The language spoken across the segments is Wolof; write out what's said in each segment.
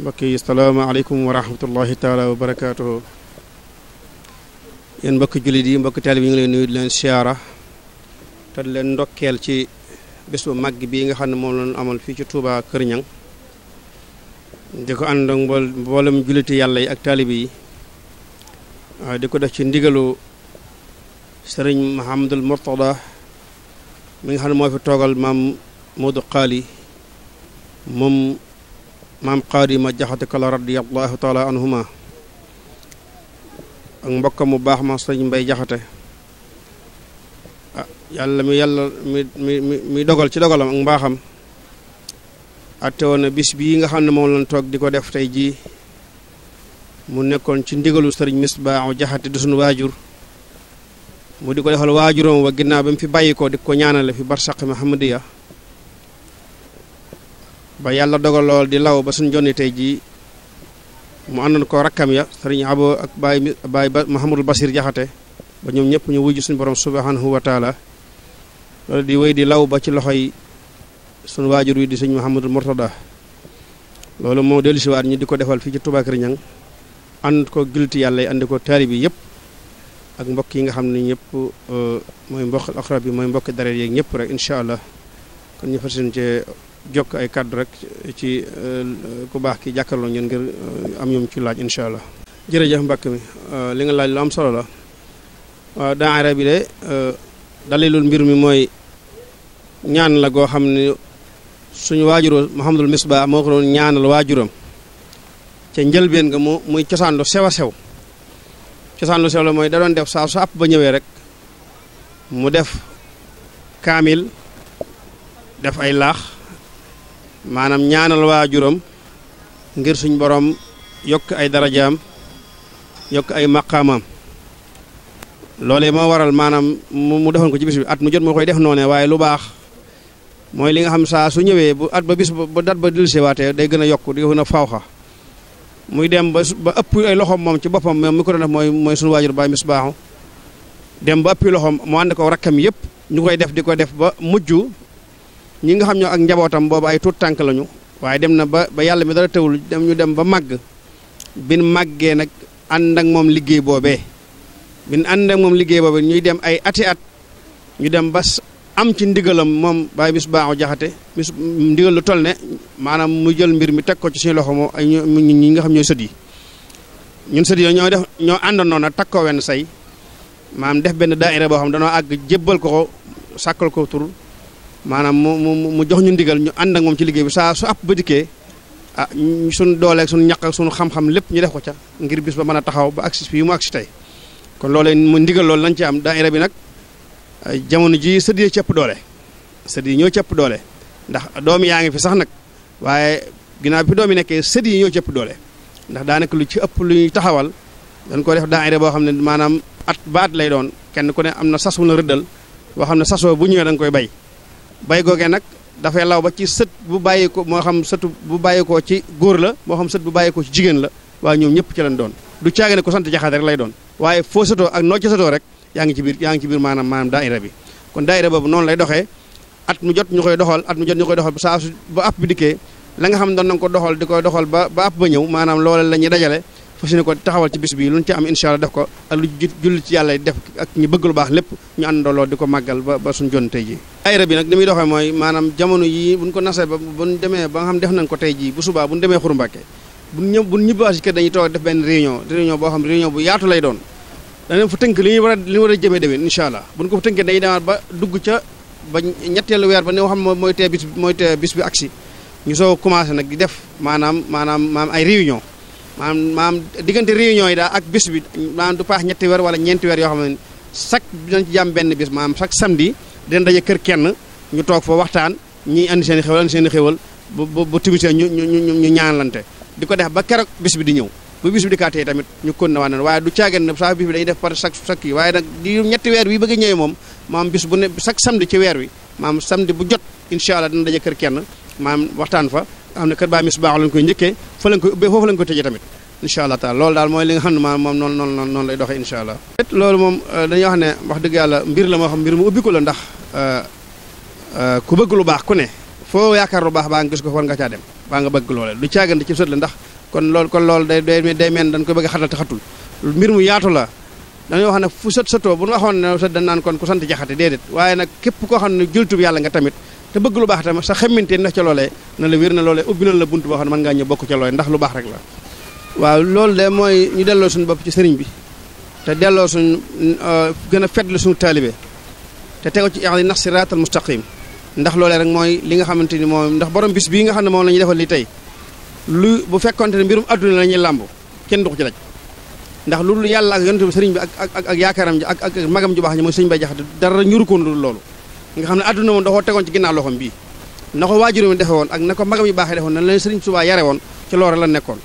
mbokk yi salaamaaleykum wa rahmatullahi wa barakaatuhu yéen mbokki jullit yi mbokki taalib yi ngi leen nuyu di leen siyaara te di leen ndokkeel ci bés bu màgg bi nga xam ne moom lañu fii ci Touba Kër Ñang di yàlla ak taalib yi ah, di ko def ci ndigalu sëriñ Mahamadul Murtada mi nga xam ne moo fi toogal maam Modou Xaali moom maam xaadima jaxate kala radiallahu taala anhuma ak mbokkam mu baax ma sëñ mbay jaxate ah yàlla mi yàlla mi mi mi dogal ci dogalam ak mbaaxam ate woon na bis bii nga xam ne moom lañ toog di ko def tey jii mu nekkoon ci ndigalu sëriñ misbaaxu jaxate du sunu waajur mu di ko defal waajuroom wa ginnaaw ba mu fi bàyyi ko di ko ñaanale fi barsaq mahamadiya ba yàlla dogal lool di law ba suñ jonni tey jii mu àndoon ko rakkam ya sëriñ abo ak baay baay mahamadul basir jaxate ba ñoom ñëpp ñu wujj suñu borom subhanahu wa loolu di wéy di law ba ci loxo yi suñu waajur wi di sëñ mahamadul mortada loolu moo dellu siwaat ñu di ko defal fii ci Touba Kër ànd ko gilt yàlla yi ànd ko taalibe yi yëpp ak mbokk yi nga xam ni ñëpp euh, mooy mbokk akrab yi mooy mbokk dareet yeeg ñëpp rek incha allah kon ñu jokk ay kàddu rek ci euh, ku baax ki jàkkaarloo ngeen ngir euh, am ñoom ci laaj incha allah. jërëjëf mbàkk mi euh, li nga laaj lu am solo la waaw daayira bi de dalilul mbir mi mooy ñaan la goo xam ne suñu waajuroo Mouhamadul Misbah moo ko doon ñaanal waajuram ca njëlbeen nga mu muy cosaan lu sew a sew cosaan lu sew la mooy da doon def saa su àpp ba ñëwee rek mu def kaamil def ay laax. maanaam ñaanal waajuram ngir suñ boroom yokk ay darajaam yokk ay maqaamaam loole moo waral maanaam mu defoon ko ci bis bi at mu jot moo koy def noone waaye lu baax mooy li nga xam saa su ñëwee bu at ba bis ba dat ba waatee day gën a yokk di gën a fawxa muy dem ba ba ëpp ay loxoom moom ci boppam moom mi ko doon def mooy mooy suñu waajur baay mis baaxu dem ba ëpp loxoom mu ànd ko rakkam yëpp ñu koy def di ko def ba mujj ñi nga xam ñoo ak njabootam boobu ay tuut tànk lañu waaye dem na ba ba yàlla mi dara tawul dem ñu dem ba màgg bin màggee nag ànd moom liggéey boobee bin ànd moom liggéey boobee ñuy dem ay ati at ñu dem ba am ci ndigalam moom Baye Miss Baaxu Jaxate mis ndigal lu toll ne maanaam mu jël mbir mi teg ko ci suñu loxo moom ay ñi nga xam ñooy sët yi ñun sët yi ñoo def ñoo àndandoo nag tag ko wenn say maanaam def benn daaira boo xam danoo àgg jébbal ko ko sàkkal ko tur maanaam mu mu mu jox ñu ndigal ñu ànd ak moom ci liggéey bi saa su app ba dikkee ah suñu dooleeg suñu ñaq ak suñu xam-xam lépp ñu def ko ca ngir bis ba mën a taxaw ba agsi fii mu agsi tey kon loolee mu ndigal loolu lañ ci am daayira bi nag jamono ji sët yi doole sët yi ñoo cëpp doole ndax doom yaa ngi fi sax nag waaye ginnaaw bi doom yi nekkee sët yi ñoo cëpp doole ndax lu ci ëpp lu ñuy taxawal dañ ko def daayira boo xam ne maanaam at ba at lay doon kenn ku ne am na sas wu la rëddal boo xam ne sasoo bu ñëwee da koy bay bay googee nag dafay law ba ci sët bu bàyyi ko moo xam sëtu bu bàyyi ko ci góor la moo xam sët bu bàyyi ko ci jigéen la waaye ñoom ñëpp ci lañ doon du caage ko sant jaxaate rek lay doon waaye foo sëtoo ak noo ci sëtoo rek yaa ngi ci biir yaa ngi ci biir maanaam maanaam daayira bi kon daayira boobu noonu lay doxee at mu jot ñu koy doxal at mu jot ñu koy doxal saa su ba app bi dikkee la nga xam ne doon na ko doxal di koy doxal ba ba app ba ñëw maanaam loola la ñuy dajale fas yéene ko taxawal ci bis bi lu ñu ci am incha allah def ko ak lu julli yàlla def ak ñu bëgg lu baax lépp ñu àndandoo di ko màggal ba ba suñu jon tey ji daayira bi nag ni muy doxee mooy maanaam jamono yi buñ ko nasee ba buñ demee ba nga xam def nañ ko tey jii bu subaa buñ demee Xuru Mbàkke buñ ñëw buñ ñibbaas ci kër dañuy toog def benn réunion réunion boo xam réunion bu yaatu lay doon danañ fa tënk li ñu a li ñu war a jëmee déwén incha allah buñ ko fa tënkee dañuy demaat ba dugg ca ba ñetteelu weer ba ni xam mooy tee bis mooy tee bis bi agsi ñu soo commencé nag di def maanaam maanaam maanaam ay réunion maanaam maam diggante réunion yi daal ak bés bi maanaam du paax ñetti weer wala ñeenti weer yoo xam ne chaque dinañ ci jàmm benn bis maanaam chaque samedi dinañ kër kenn ñu toog fa waxtaan ñi andi seen i xéwal andi seen i xéwal ba ba ba timisee ñu ñu ñu di ko def ba keroog bis bi di ñëw bu bis bi di kaatee tamit ñu kon na waan waaye du caagen ne saa bis bi dañuy def par chaque chaque yi waaye nag di ñetti weer wi bëgg a ñëwee moom maam bis bu ne chaque samedi ci weer wi maam samedi bu jot incha allah dina daje kër kenn maam waxtaan fa am ne kër baay Misbah lañ koy njëkkee fa lañ koy ubbee foofu lañ koy tëjee tamit incha allah taala loolu daal mooy li nga xam ne maanaam moom noonu lay doxee incha allah. loolu moom euh, dañuy wax ne wax dëgg yàlla mbir la moo xam mbir mu ubbi ko la euh, euh, ku bëgg lu baax ku ne foo yaakaar lu baax baa nga gis ko war nga caa dem baa nga bëgg loolee du caagante ci sët la ndax kon loolu kon loolu day day mel dañ koy bëgg a xatal te mu yaatu la dañuy wax ne fu sët sëtoo bu ñu waxoon ne sët dañ naan kon ku sant jaxate déedéet waaye nag képp koo xam ne jultub yàlla nga tamit te bëgg lu baax tam sa xemmante ndax ca loolee na la wér na loolee ubbi na la bunt boo xam ne mën ngaa ñëw bokk ca loolee ndax lu baax rek la waaw loolu de mooy ñu delloo suñu bopp ci sëriñ bi te delloo suñu euh, gën a fetlu suñu taalibe te tego ci li nax siraatal mustaqim ndax loolee rek mooy li nga xamante ni moom ndax borom bis bii nga xam ne moom la ñuy defal li tey lu bu fekkonte ne mbirum adduna la ñuy làmb kenn du ko ci daj ndax loolu yàlla ak yonent bi sëriñ bi ak ak ak yaakaaram ji ak ak magam ju baax ñi mooy sëriñ bay jaxate dara ñurukoon loolu nga xam ne adduna moom dafa tegoon ci ginnaaw loxoom bii na ko waajuram defe woon ak na ko magam yu baaxee defoon na leen Sëriñ Tuubaa yare woon ci loore la nekkoon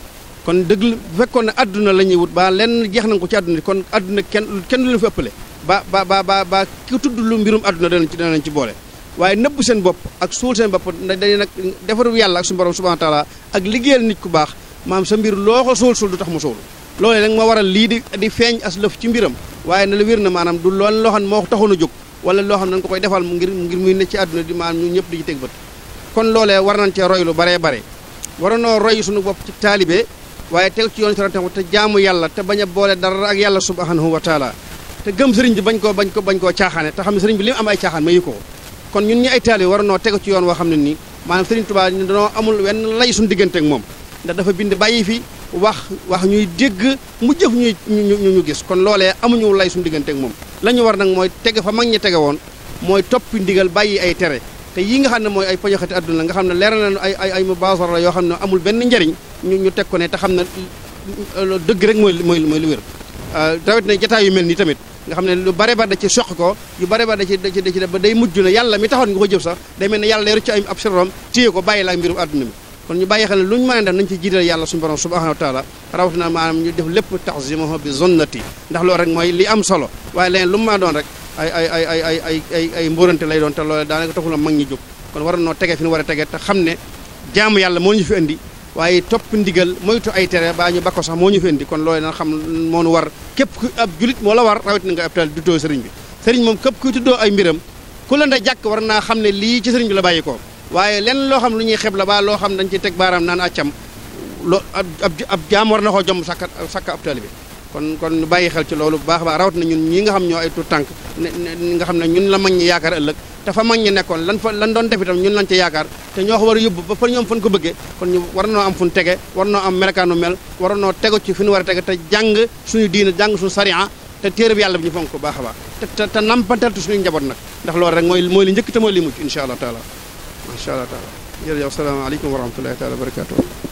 kon dëgg bu fekkoon na adduna la ñuy wut baa lenn jeex nañ ko ci adduna kon adduna kenn kenn du leen fi ëppale ba ba ba ba ba ki lu mbirum adduna danañ ci danañ ci boole waaye nëbb seen bopp ak suul seen bopp dañuy nag defaru yàlla ak suñu borom subhaana taala ak liggéeyal nit ku baax maam sa mbir loo ko suul suul du tax mu suul loolee nag ma waral lii di di feeñ as lëf ci mbiram waaye na la wér na maanaam du loolu loo xam taxoon a jóg wala loo xam ne dañ ko koy defal mu ngir ngir muy ne ci àdduna di maanaam ñu ñëpp di ci teg bët kon loolee war nañ cee roy lu baree bare noo roy suñu bopp ci taalibe waaye teg ci yoon siraatal te jaamu yàlla te bañ a boole dara ak yàlla subhanahu wa taala te gëm sëriñ bi bañ koo bañ ko bañ koo caaxaane te xam ne sëriñ bi li mu am ay caaxaan mayu ko kon ñun ñi ay taalibe noo tegu ci yoon woo xam ne nii maanaam sëriñ Tuubaa ñu danoo amul wenn lay suñu diggante moom ndax dafa bind bàyyi fi wax wax ñuy dégg mu jëf ñuy ñu ñu gis kon loolee amuñu lay suñu diggante moom lañu war nag mooy tege fa mag ñi tege woon mooy toppi ndigal bàyyi ay tere te yi nga xam ne mooy ay poñoxati àdduna la nga xam ne leeral na ay ay ay mu baasar yoo xam ne amul benn njariñ ñu ñu teg ko ne te xam ne dëgg rek mooy mooy mooy lu wér euh, tawet na jataay yu mel nii tamit nga xam ne lu bare ba da ci soq ko yu bare ba da ci da ci da ci ba day mujj na yàlla mi taxoon nga ko jëf sax day mel ne yàlla leeru ci ay ab sirom téye ko bàyyi la mbirum adduna kon ñu bàyyi xel lu ñu mën a def nañ ci jiital yàlla suñu borom subhanahu wa taala rawatina maanaam ñu def lépp taxzimahu bi zonnati ndax loolu rek mooy li am solo waaye leneen lu mu a doon rek ay ay ay ay lay doon te loolu daanaka taxul a mag ñi jóg kon war noo tege fi ñu war a tege te xam ne jaamu yàlla moo ñu fi indi waaye topp ndigal moytu ay tere baa ñu bakko sax moo ñu fi indi kon loolu na xam moo nu war képp ku ab julit moo la war rawatina nga ab tal du too sëriñ sëriñ moom képp kuy tuddoo ay mbiram ku la na jàkk war naa xam ne lii ci sëriñ bi la bàyyi ko waaye lenn loo xam lu ñuy xeb la ba loo xam dañ ci teg baaraam naan accam loo ab jaam war na koo jomb sakka sakka ab taalibe kon kon ñu bàyyi xel ci loolu bu baax baax rawat na ñun ñi nga xam ñoo ay tuut tànk nga xam ne ñun la mag ñi yaakaar ëllëg te fa mag nekkoon lan fa lan doon def itam ñun lañ ci yaakaar te ñoo ko war a yóbbu ba fa ñoom fan ko bëggee kon ñu war noo am fu ñu tege war noo am melokaanu mel war noo tego ci fi ñu war a tege te jàng suñu diina jàng suñu sariya te téere bi yàlla bi ñu fonk ko baax a baax te loolu rek mooy mooy li njëkk te mooy li macha allah taala jërëjëf salaamaaleykum wa rahmatullahi taala wa barakaatu